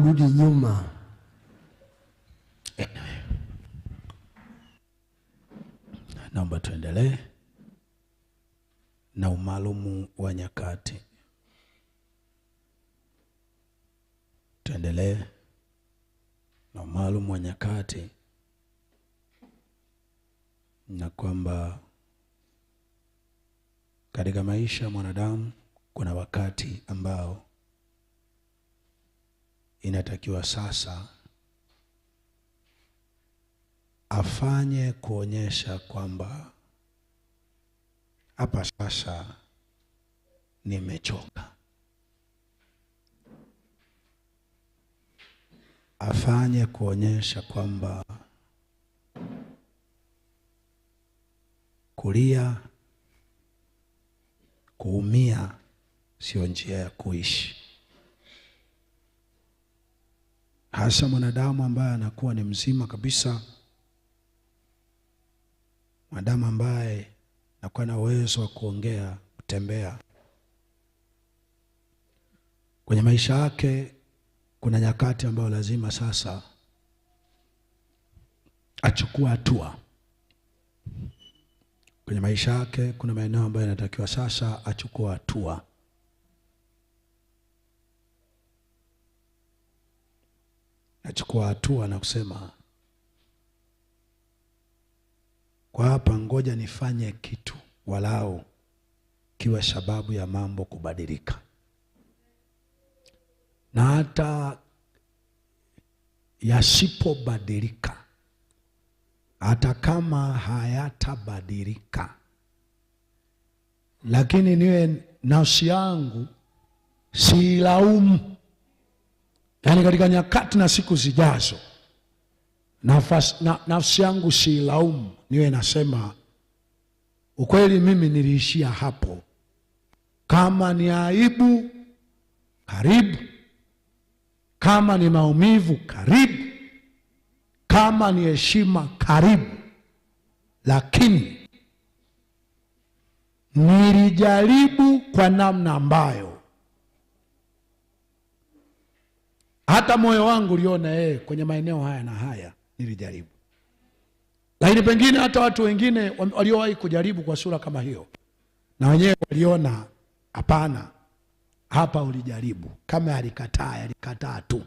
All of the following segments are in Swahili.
kurudi nyuma. Anyway. Naomba tuendelee na umaalumu wa nyakati, tuendelee na umaalumu wa nyakati, na kwamba katika maisha ya mwanadamu kuna wakati ambao inatakiwa sasa afanye kuonyesha kwamba hapa sasa nimechoka, afanye kuonyesha kwamba kulia, kuumia sio njia ya kuishi hasa mwanadamu ambaye anakuwa ni mzima kabisa, mwanadamu ambaye anakuwa na uwezo wa kuongea, kutembea. Kwenye maisha yake kuna nyakati ambayo lazima sasa achukua hatua kwenye maisha yake. Kuna maeneo ambayo yanatakiwa sasa achukua hatua nachukua hatua na kusema kwa hapa, ngoja nifanye kitu walau kiwa sababu ya mambo kubadilika, na hata yasipobadilika, hata kama hayatabadilika, lakini niwe nafsi yangu siilaumu Yaani katika nyakati na siku zijazo, nafasi, na, nafsi yangu siilaumu, niwe nasema ukweli, mimi niliishia hapo. Kama ni aibu, karibu. Kama ni maumivu, karibu. Kama ni heshima, karibu. Lakini nilijaribu kwa namna ambayo hata moyo wangu uliona yeye kwenye maeneo haya na haya nilijaribu. Lakini pengine hata watu wengine waliowahi kujaribu kwa sura kama hiyo, na wenyewe waliona hapana, hapa ulijaribu. Kama alikataa alikataa tu.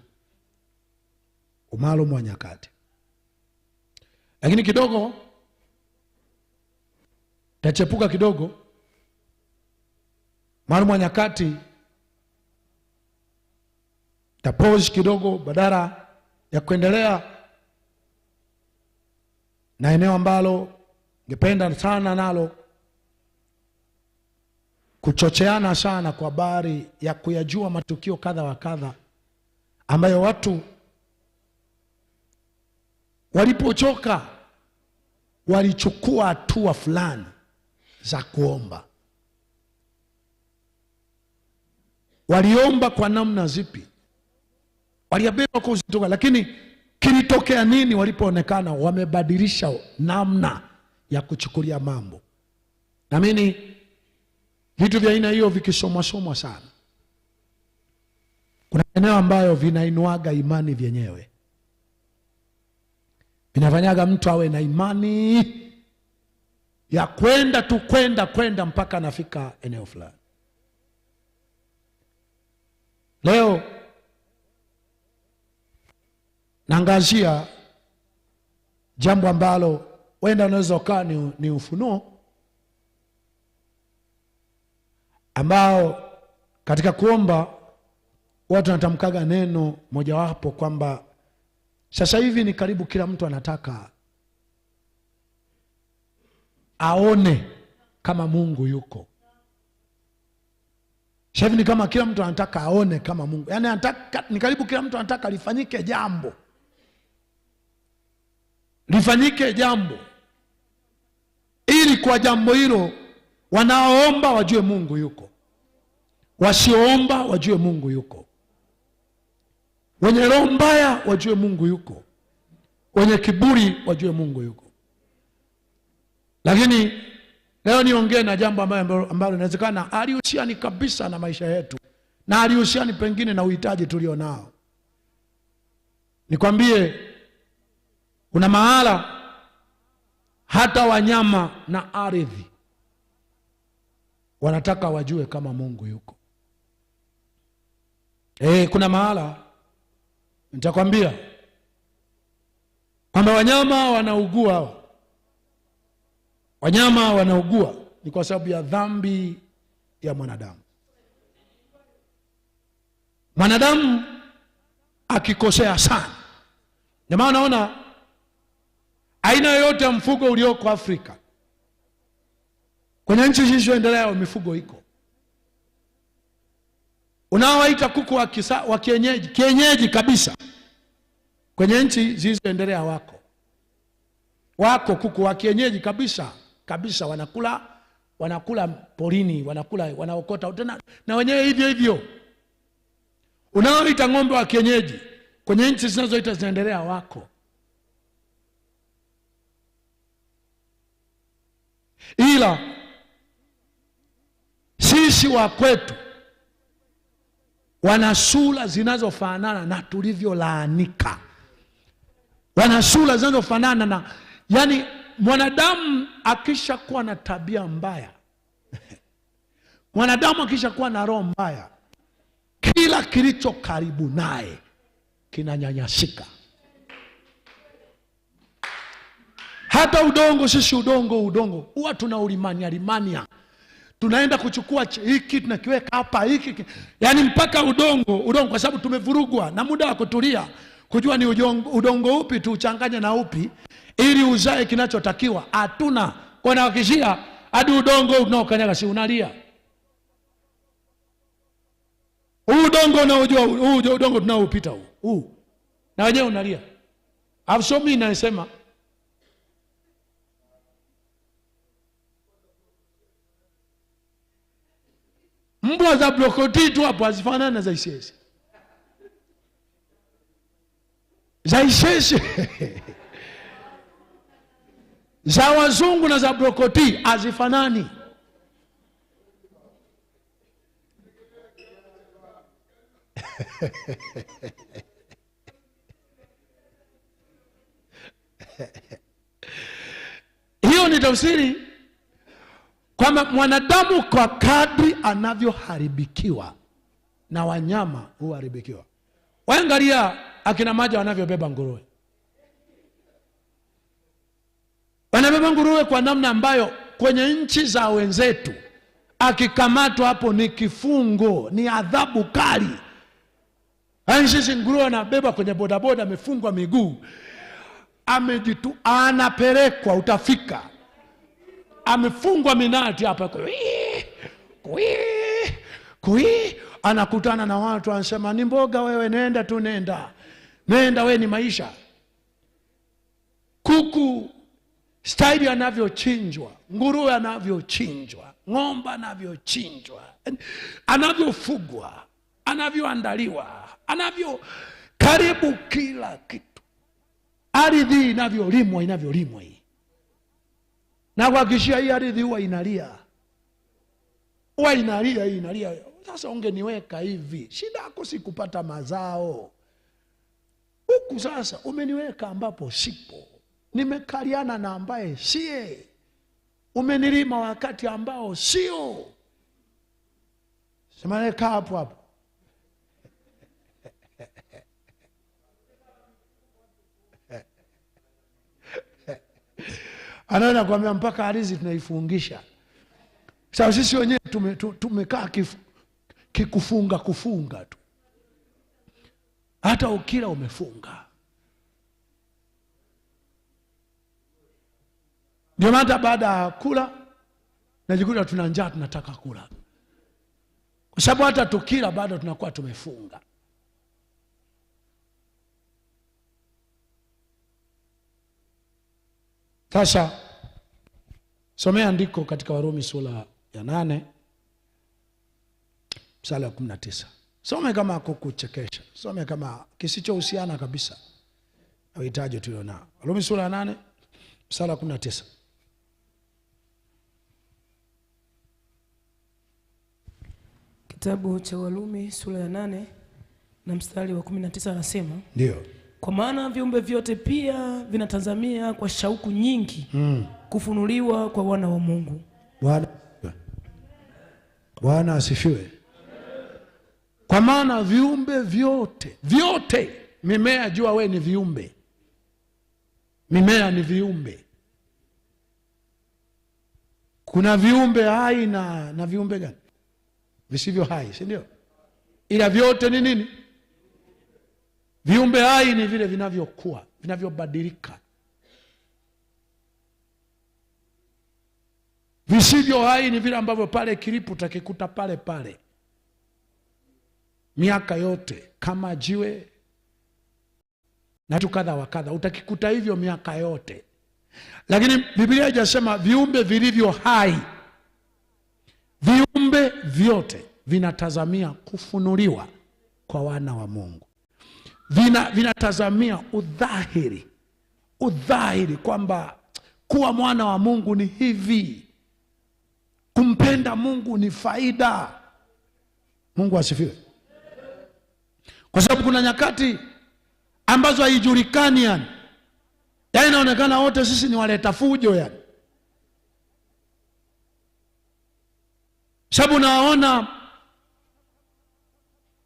Umalo wa nyakati, lakini kidogo tachepuka kidogo. Umalo wa nyakati tapose kidogo, badala ya kuendelea na eneo ambalo ngependa sana nalo kuchocheana sana kwa habari ya kuyajua matukio kadha wa kadha ambayo watu walipochoka walichukua hatua fulani za kuomba. Waliomba kwa namna zipi? waliyabeba kwa uzito, lakini kilitokea nini walipoonekana wamebadilisha namna ya kuchukulia mambo? Naamini vitu vya aina hiyo somwa sana, kuna eneo ambayo vinainuaga imani vyenyewe, vinafanyaga mtu awe na imani ya kwenda tu kwenda kwenda mpaka anafika eneo fulani. Leo Naangazia jambo ambalo wenda unaweza ukawa ni, ni ufunuo ambao katika kuomba watu wanatamkaga neno mojawapo kwamba sasa hivi ni karibu kila mtu anataka aone kama Mungu yuko. Sasa hivi ni kama kila mtu anataka aone kama Mungu, yaani ni karibu kila mtu anataka lifanyike jambo lifanyike jambo, ili kwa jambo hilo wanaoomba wajue Mungu yuko, wasioomba wajue Mungu yuko, wenye roho mbaya wajue Mungu yuko, wenye kiburi wajue Mungu yuko. Lakini leo niongee na jambo ambalo ambalo inawezekana alihusiani kabisa na maisha yetu na alihusiani pengine na uhitaji tulio nao, nikwambie kuna mahala hata wanyama na ardhi wanataka wajue kama Mungu yuko. E, kuna mahala nitakwambia kwamba wanyama wanaugua Wanyama wanaugua ni kwa sababu ya dhambi ya mwanadamu. Mwanadamu akikosea sana, ndio maana naona aina yoyote ya mfugo ulioko Afrika, kwenye nchi zilizoendelea mifugo iko. Unaowaita kuku wa, kisa, wa kienyeji, kienyeji kabisa, kwenye nchi zilizoendelea wako wako kuku wa kienyeji kabisa kabisa, wanakula wanakula porini, wanakula wanaokota tena na wenyewe hivyo hivyo. Unaoita ng'ombe wa kienyeji kwenye nchi zinazoita zinaendelea wako ila sisi wa kwetu wana sura zinazofanana na tulivyolaanika, wana sura zinazofanana na yani, mwanadamu akishakuwa na tabia mbaya mwanadamu akishakuwa na roho mbaya, kila kilicho karibu naye kinanyanyasika. Hata udongo, sisi udongo, udongo huwa tuna ulimania limania, tunaenda kuchukua hiki tunakiweka hapa, hiki yaani mpaka udongo udongo, kwa sababu tumevurugwa na muda wa kutulia kujua ni udongo, udongo upi tuuchanganye na upi ili uzae kinachotakiwa hatuna. Kwa nawakishia hadi udongo unaokanyaga si unalia huu udongo unaojua huu udongo tunaoupita huu huu, na wenyewe unalia. Alafu so mimi mbwa za Blokoti tu hapo hazifanani na za Isese. Za Isese za wazungu na za Blokoti hazifanani. Hiyo ni tafsiri kwamba mwanadamu kwa kadri anavyoharibikiwa na wanyama huharibikiwa. Waangalia akina Maja wanavyobeba nguruwe, wanabeba nguruwe kwa namna ambayo kwenye nchi za wenzetu akikamatwa hapo ni kifungo, ni adhabu kali. Yaani sisi nguruwe anabebwa kwenye bodaboda, amefungwa miguu, amejitu, anapelekwa, utafika amefungwa minati hapa kui, kui, kui, anakutana na watu anasema, ni mboga wewe, nenda tu, nenda nenda, wewe ni maisha. Kuku staili anavyochinjwa, nguruwe anavyochinjwa, ng'ombe anavyochinjwa, anavyofugwa, anavyoandaliwa, anavyo karibu kila kitu, ardhi inavyolimwa, inavyolimwa hii na kuhakikishia hii ardhi huwa inalia, huwa inalia, hii inalia. Sasa ungeniweka hivi, shida yako si kupata mazao huku. Sasa umeniweka ambapo sipo, nimekaliana na ambaye sie umenilima wakati ambao sio. semaneka hapo hapo anaona kwambia mpaka arizi tunaifungisha. Sasa sisi wenyewe tumekaa tume kikufunga kufunga tu, hata ukila umefunga. Ndio maana baada ya kula najikuta tuna njaa, tunataka kula, kwa sababu hata tukila bado tunakuwa tumefunga. Sasa Somea andiko katika Warumi sura ya nane mstari wa kumi na tisa. Some kama kukuchekesha, some kama kisichohusiana kabisa na uhitaji tulionao. Warumi sura ya nane mstari wa kumi na tisa. Kitabu cha Warumi sura ya nane na mstari wa kumi na tisa anasema ndio, kwa maana viumbe vyote pia vinatazamia kwa shauku nyingi mm kufunuliwa kwa wana wa Mungu. Bwana Bwana asifiwe. Kwa maana viumbe vyote vyote, mimea, jua we ni viumbe, mimea ni viumbe. Kuna viumbe hai na, na viumbe gani visivyo hai, si ndio? Ila vyote ni nini? Viumbe hai ni vile vinavyokuwa, vinavyobadilika Visivyo hai ni vile ambavyo pale kilipo utakikuta pale pale miaka yote, kama jiwe na vitu kadha wa kadha, utakikuta hivyo miaka yote. Lakini Biblia haijasema viumbe vilivyo hai, viumbe vyote vinatazamia kufunuliwa kwa wana wa Mungu, vina vinatazamia udhahiri, udhahiri kwamba kuwa mwana wa Mungu ni hivi Kumpenda Mungu ni faida. Mungu asifiwe, kwa sababu kuna nyakati ambazo haijulikani, yani yaani inaonekana wote sisi ni waleta fujo, yani sababu nawaona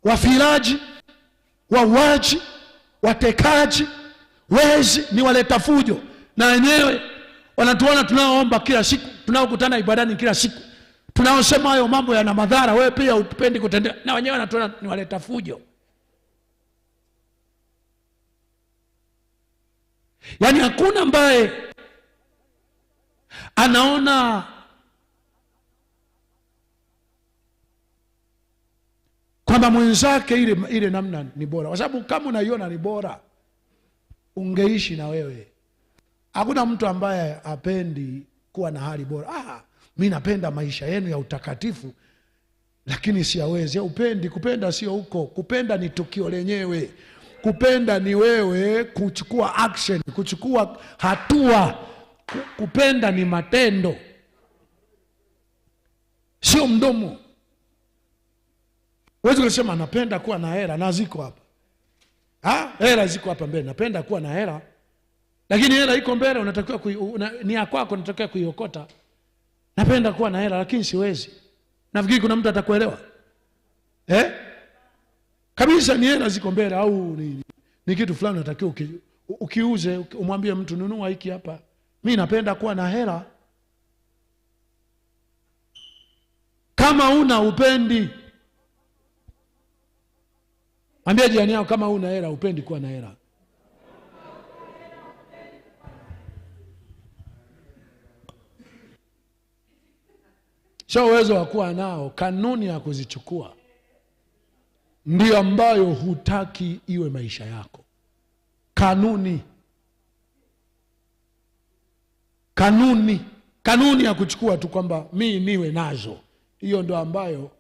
wafilaji, wauaji, watekaji, wezi ni waleta fujo, na wenyewe wanatuona tunaoomba kila siku tunaokutana ibadani kila siku, tunaosema hayo mambo yana madhara, wewe pia upendi kutendea, na wenyewe wanatuona ni waleta fujo. Yaani hakuna ambaye anaona kwamba mwenzake ile ile namna ni bora, kwa sababu kama unaiona ni bora ungeishi na wewe. Hakuna mtu ambaye apendi kuwa na hali bora. Ah, mi napenda maisha yenu ya utakatifu, lakini siyawezi. Upendi kupenda, sio huko kupenda. Ni tukio lenyewe. Kupenda ni wewe kuchukua action, kuchukua hatua. Kupenda ni matendo, sio mdomo. Wezi kusema napenda kuwa na hela na ziko hapa hela ziko hapa mbele, napenda kuwa na hela lakini hela iko mbele, unatakiwa una, ni ya kwako, unatakiwa kuiokota. Napenda kuwa na hela lakini siwezi. Nafikiri kuna mtu atakuelewa eh? Kabisa, ni hela ziko mbele au ni, ni kitu fulani unatakiwa uki, ukiuze, umwambie mtu nunua hiki hapa, mi napenda kuwa na hela. Kama una upendi, ambia jirani yako, kama una hela upendi kuwa na hela sio uwezo wa kuwa nao, kanuni ya kuzichukua ndiyo ambayo hutaki iwe maisha yako. Kanuni, kanuni, kanuni ya kuchukua tu kwamba mi niwe nazo, hiyo ndo ambayo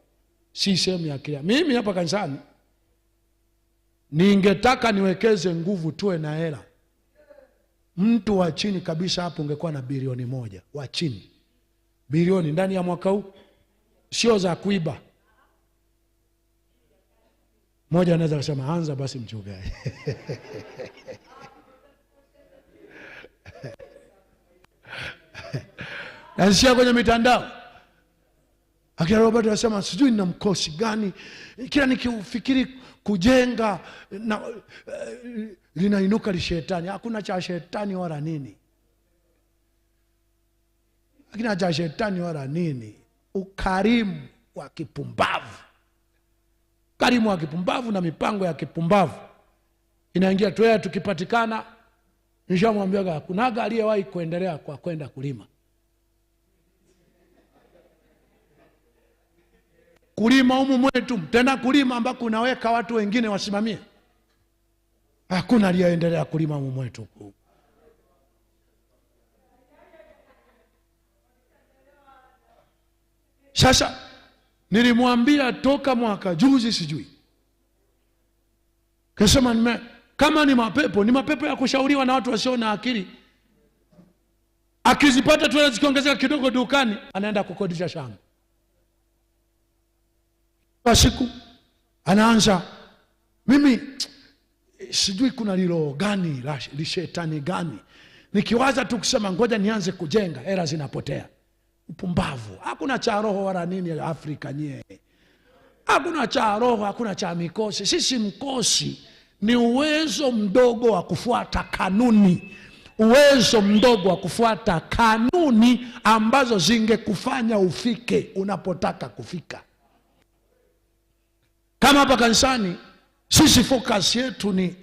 si sehemu ya kila. Mimi hapa kanisani ningetaka niwekeze nguvu, tuwe na hela. Mtu wa chini kabisa hapo ungekuwa na bilioni moja wa chini bilioni ndani ya mwaka huu, sio za kuiba. moja anaweza kusema anza basi mchungaji. Nasikia kwenye mitandao akina Robert anasema sijui nina mkosi gani, kila nikifikiri kujenga na, uh, linainuka lishetani. Hakuna cha shetani wala nini lakini hacha shetani wala nini. Ukarimu wa kipumbavu, karimu wa kipumbavu na mipango ya kipumbavu inaingia tuea. Tukipatikana nishamwambiaga hakunaga aliyewahi kuendelea kwa kwenda kulima kulima humu mwetu tena kulima ambako unaweka watu wengine wasimamie. Hakuna aliyeendelea kulima humu mwetu Sasa nilimwambia toka mwaka juzi, sijui kasema nime, kama ni mapepo ni mapepo ya kushauriwa na watu wasio na akili. Akizipata tu zikiongezeka kidogo dukani, anaenda kukodisha shamba kwa siku, anaanza mimi sijui kuna lilo gani lishetani gani, nikiwaza tu kusema ngoja nianze kujenga, hela zinapotea Upumbavu. Hakuna cha roho wala nini Afrika nyie. Hakuna cha roho, hakuna cha mikosi. Sisi mkosi ni uwezo mdogo wa kufuata kanuni, uwezo mdogo wa kufuata kanuni ambazo zingekufanya ufike unapotaka kufika. Kama hapa kanisani, sisi focus yetu ni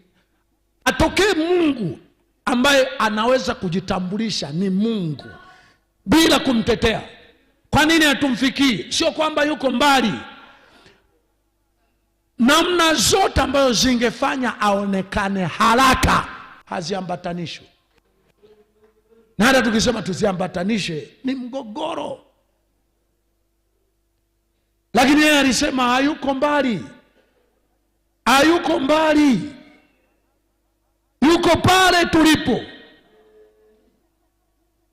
atokee Mungu ambaye anaweza kujitambulisha ni Mungu bila kumtetea. Kwa nini hatumfikii? Sio kwamba yuko mbali, namna zote ambazo zingefanya aonekane haraka haziambatanishwi, na hata tukisema tuziambatanishe ni mgogoro, lakini yeye alisema hayuko mbali, hayuko mbali, yuko pale tulipo.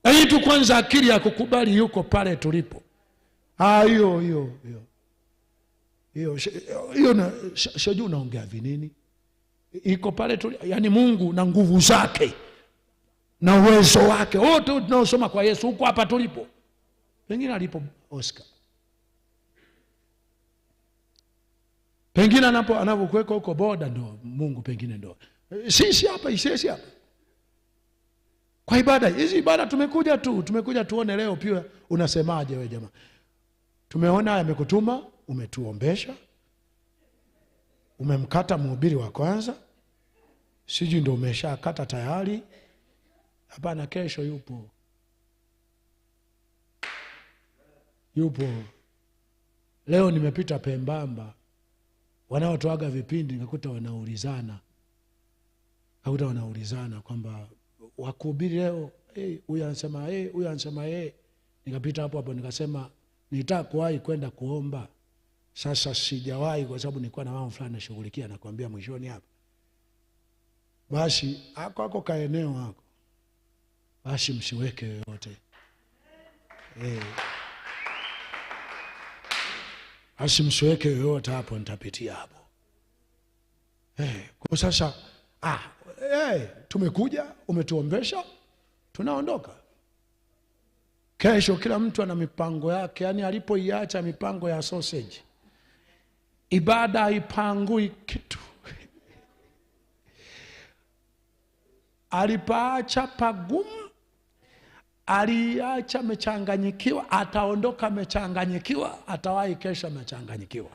Lakini tu kwanza akili ya kukubali yuko pale tulipo. Ah, hiyo hiyo hiyo. Hiyo hiyo na shajua unaongea vinini? Iko pale tu, yani Mungu na nguvu zake na uwezo wake wote tunaosoma kwa Yesu huko hapa tulipo. Pengine alipo Oscar. Pengine anapo anapokuweka huko boda ndo Mungu pengine ndo. Eh, sisi hapa, sisi hapa kwa ibada hizi. Ibada tumekuja tu, tumekuja tuone leo pia unasemaje wewe jamaa. Tumeona yamekutuma, umetuombesha, umemkata mhubiri wa kwanza, sijui ndo umeshakata tayari. Hapana, kesho yupo yupo. Leo nimepita pembamba, wanaotoaga vipindi nikakuta wanaulizana, kakuta wanaulizana kwamba wakuhubiri leo eh, huyu anasema eh, huyu anasema hey. Eh. Nikapita hapo hapo nikasema nitakuwahi kwenda kuomba sasa, sijawahi kwa sababu nilikuwa na mambo fulani nashughulikia, nakwambia mwishoni hapa. Basi ako ako kaeneo hako, basi msiweke yoyote hey. Basi msiweke yoyote hapo, nitapitia hapo hey. Kwa sasa ah, hey, tumekuja umetuombesha, tunaondoka. Kesho kila mtu ana mipango yake, yaani alipoiacha mipango ya sausage. Ibada haipangui kitu alipaacha pagumu, aliacha amechanganyikiwa, ataondoka amechanganyikiwa, atawahi kesho amechanganyikiwa.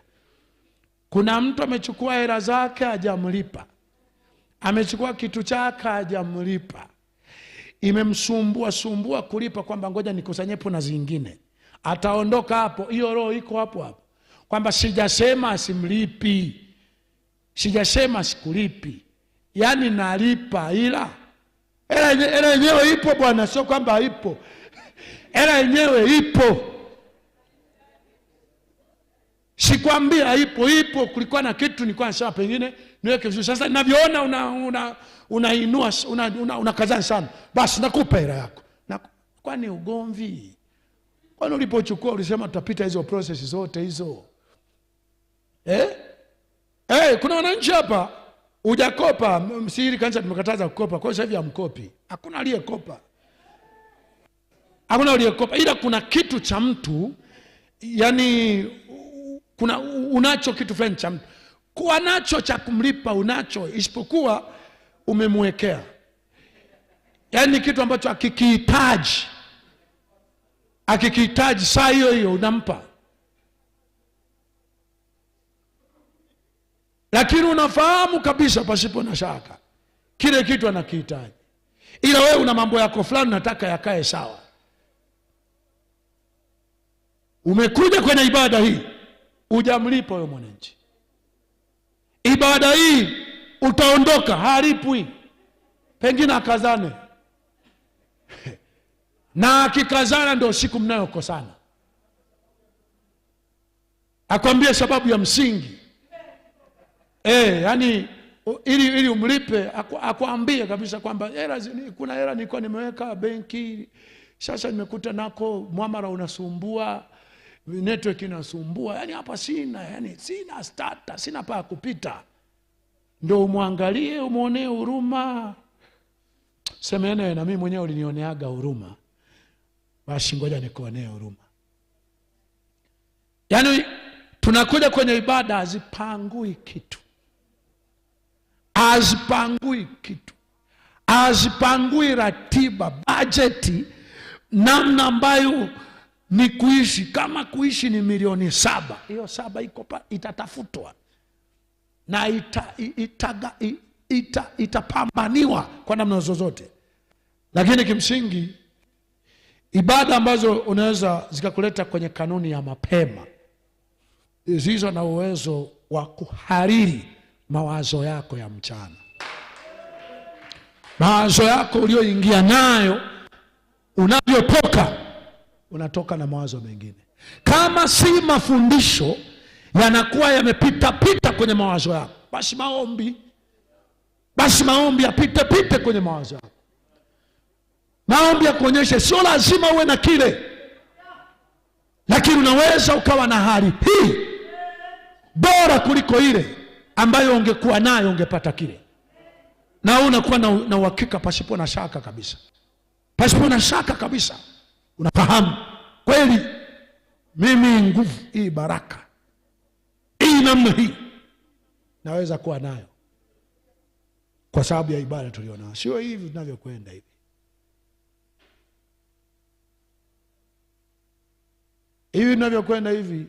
Kuna mtu amechukua hela zake hajamlipa amechukua kitu chake hajamlipa, imemsumbua sumbua kulipa, kwamba ngoja nikusanye na zingine, ataondoka hapo. Hiyo roho iko hapo hapo, kwamba sijasema simlipi, sijasema sikulipi, yaani nalipa, ila hela yenyewe ipo bwana, sio kwamba ipo hela yenyewe ipo Sikwambia ipo, ipo. Kulikuwa na kitu nilikuwa nasema pengine niweke vizuri. Sasa ninavyoona unainua una, una, una, una una kazani sana, basi nakupa hela yako na, kwani ugomvi? Kwani ulipochukua ulisema tutapita hizo proses zote hizo eh? Eh, kuna wananchi hapa ujakopa msiri kanisa tumekataza kukopa, kwao sahivi amkopi Hakuna aliyekopa, hakuna aliyekopa, ila kuna kitu cha mtu yani, kuna unacho kitu fulani cha mtu kuwa nacho cha kumlipa unacho, isipokuwa umemwekea, yaani ni kitu ambacho akikihitaji akikihitaji saa hiyo hiyo unampa, lakini unafahamu kabisa pasipo na shaka kile kitu anakihitaji, ila wewe una mambo yako fulani nataka yakae sawa. Umekuja kwenye ibada hii, hujamlipa huyo mwananchi ibada hii utaondoka, haripwi Pengine akazane na akikazana, ndio siku mnayokosana. Akwambie sababu ya msingi e, yani ili ili umlipe, akwambie kabisa kwamba hela, kuna hela nilikuwa nimeweka benki, sasa nimekuta nako mwamara unasumbua network inasumbua, yani hapa sina, yani sina stata, sina pa kupita. Ndo umwangalie umwonee huruma, semeene na mimi mwenyewe ulinioneaga huruma, basi ngoja nikuonee huruma. Yani tunakuja kwenye ibada, hazipangui kitu, hazipangui kitu, hazipangui ratiba, bajeti, namna ambayo ni kuishi. Kama kuishi ni milioni saba, hiyo saba iko pa itatafutwa na ita, ita, ita, ita, itapambaniwa kwa namna zozote, lakini kimsingi ibada ambazo unaweza zikakuleta kwenye kanuni ya mapema zizo na uwezo wa kuhariri mawazo yako ya mchana, mawazo yako ulioingia nayo unavyotoka unatoka na mawazo mengine. Kama si mafundisho yanakuwa yamepitapita kwenye mawazo yako, basi maombi, basi maombi yapite pite kwenye mawazo yako. Maombi yakuonyeshe, sio lazima uwe na kile, lakini unaweza ukawa na hali hii bora kuliko ile ambayo ungekuwa nayo ungepata kile, na unakuwa na uhakika pasipo na shaka kabisa, pasipo na shaka kabisa unafahamu kweli, mimi nguvu hii, baraka hii, namna hii naweza kuwa nayo kwa sababu ya ibada tulionayo, sio hivi tunavyokwenda hivi. hivi tunavyokwenda hivi,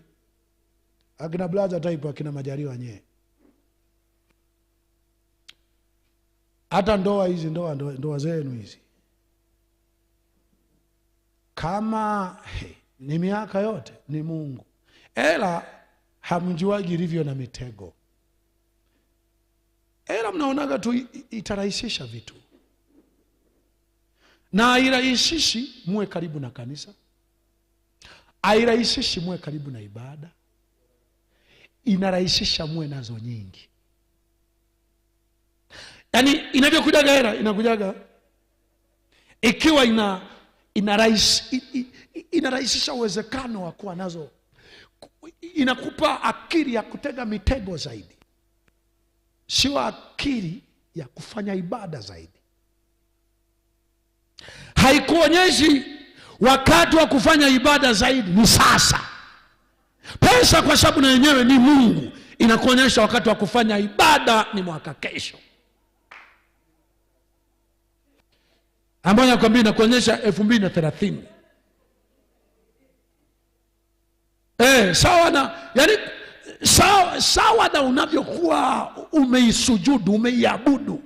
akina blaza type, akina majaliwa nyee, hata ndoa hizi ndoa ndoa zenu hizi kama hey, ni miaka yote ni Mungu, ela hamjuagi ilivyo na mitego, ela mnaonaga tu itarahisisha vitu na airahisishi muwe karibu na kanisa, airahisishi muwe karibu na ibada, inarahisisha muwe nazo nyingi. Yaani inavyokujaga hela inakujaga ikiwa ina inarahisisha uwezekano wa kuwa nazo, inakupa akili ya kutega mitego zaidi, sio akili ya kufanya ibada zaidi. Haikuonyeshi wakati wa kufanya ibada zaidi, ni sasa. Pesa kwa sababu na yenyewe ni Mungu, inakuonyesha wakati wa kufanya ibada ni mwaka kesho. ambayo nakwambia inakuonyesha elfu mbili na thelathini e, sawa na yani, sawa, sawa na unavyokuwa umeisujudu umeiabudu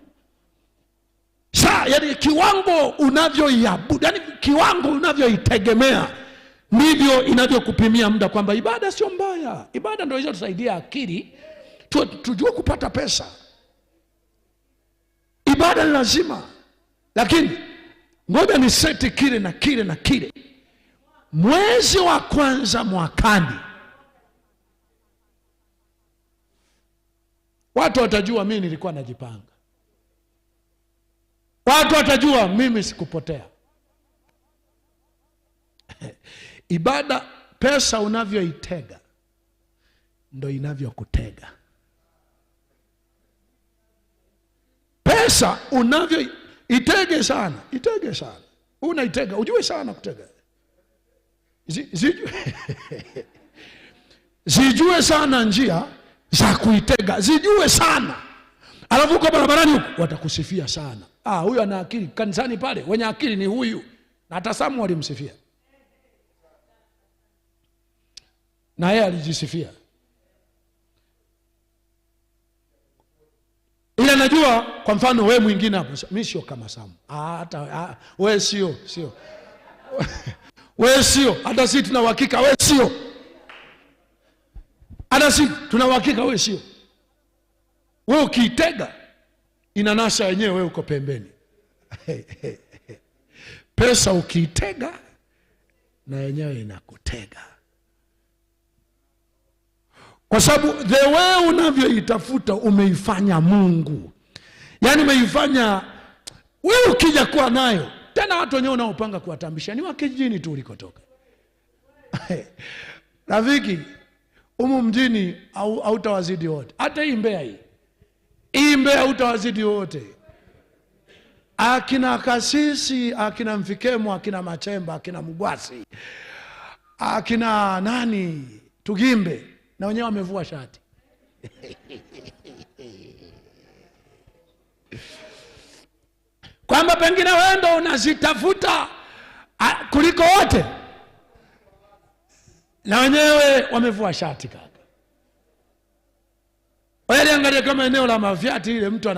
saa yani kiwango unavyoiabudu yani kiwango unavyoitegemea ndivyo inavyokupimia muda kwamba ibada sio mbaya. Ibada ndio tusaidia akili tu, tujue kupata pesa. Ibada ni lazima, lakini ngoja ni seti kile na kile na kile. Mwezi wa kwanza mwakani watu watajua mimi nilikuwa najipanga, watu watajua mimi sikupotea. Ibada, pesa unavyoitega ndo inavyokutega. Pesa unavyo Itege sana, itege sana. Unaitega, ujue sana kutega. Zijue, zijue sana njia za kuitega, zijue sana alafu uko barabarani huko watakusifia sana. Ah, huyu ana akili. Kanisani pale wenye akili ni huyu, na hata walimsifia na yeye alijisifia. Yaani anajua kwa mfano we mwingine hapo, mimi sio kama Samu. Ah, hata ah, wewe sio, sio. Wewe sio, hata sisi tuna uhakika wewe sio. Hata sisi tuna uhakika wewe sio. Wewe ukiitega inanasa yenyewe, wewe uko pembeni. Pesa ukiitega na yenyewe inakutega kwa sababu the way unavyoitafuta umeifanya Mungu, yaani umeifanya wewe. Ukija kuwa nayo tena, watu wenyewe unaopanga kuwatambisha ni wakijini tu ulikotoka. Rafiki, humu mjini hautawazidi wote, hata hii Mbeya hii hii Mbeya hautawazidi wote, akina Kasisi, akina Mfikemo, akina Machemba, akina Mgwasi, akina nani Tugimbe na wenyewe wamevua shati kwamba pengine wewe ndo unazitafuta kuliko wote, na wenyewe wamevua shati kaka. Wewe kama eneo la mavyati ile mtu